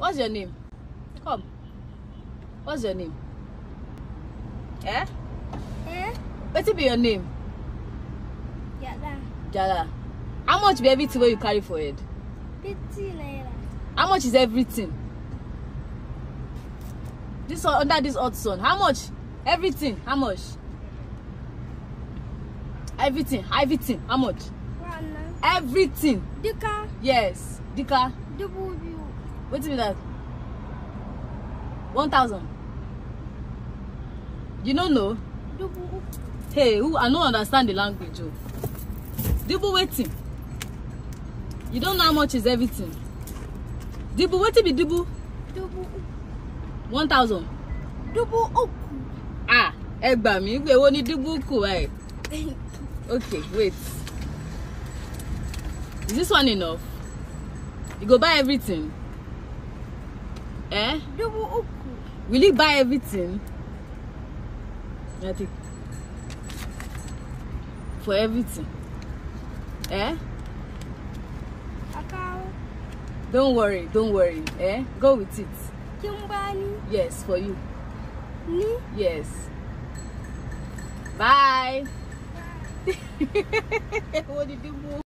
What's your name? Come. What's your name? Eh? Eh? What's it be your name? Jala. Jala. How much be everything you carry for head? Fifty naira. How much is everything? This one under this hot sun. How much? Everything. How much? Everything. Everything. How much? One. Everything. Dika. Yes. Dika. Dubu wetin be that one thousand you don't know hey who i no understand the language oh. Double waiting. you don't know how much is everything Double waiting be double. Double. one thousand Double up. Ah, mí pé owó ní double kù ẹ okay wait is this one enough you go buy everything. Eh? They oku. Will you buy everything? I think. For everything. Eh? Akao. Don't worry, don't worry. Eh? Go with it. Kimbani. Yes, for you. Me? Yes. Bye. Bye. what did you do?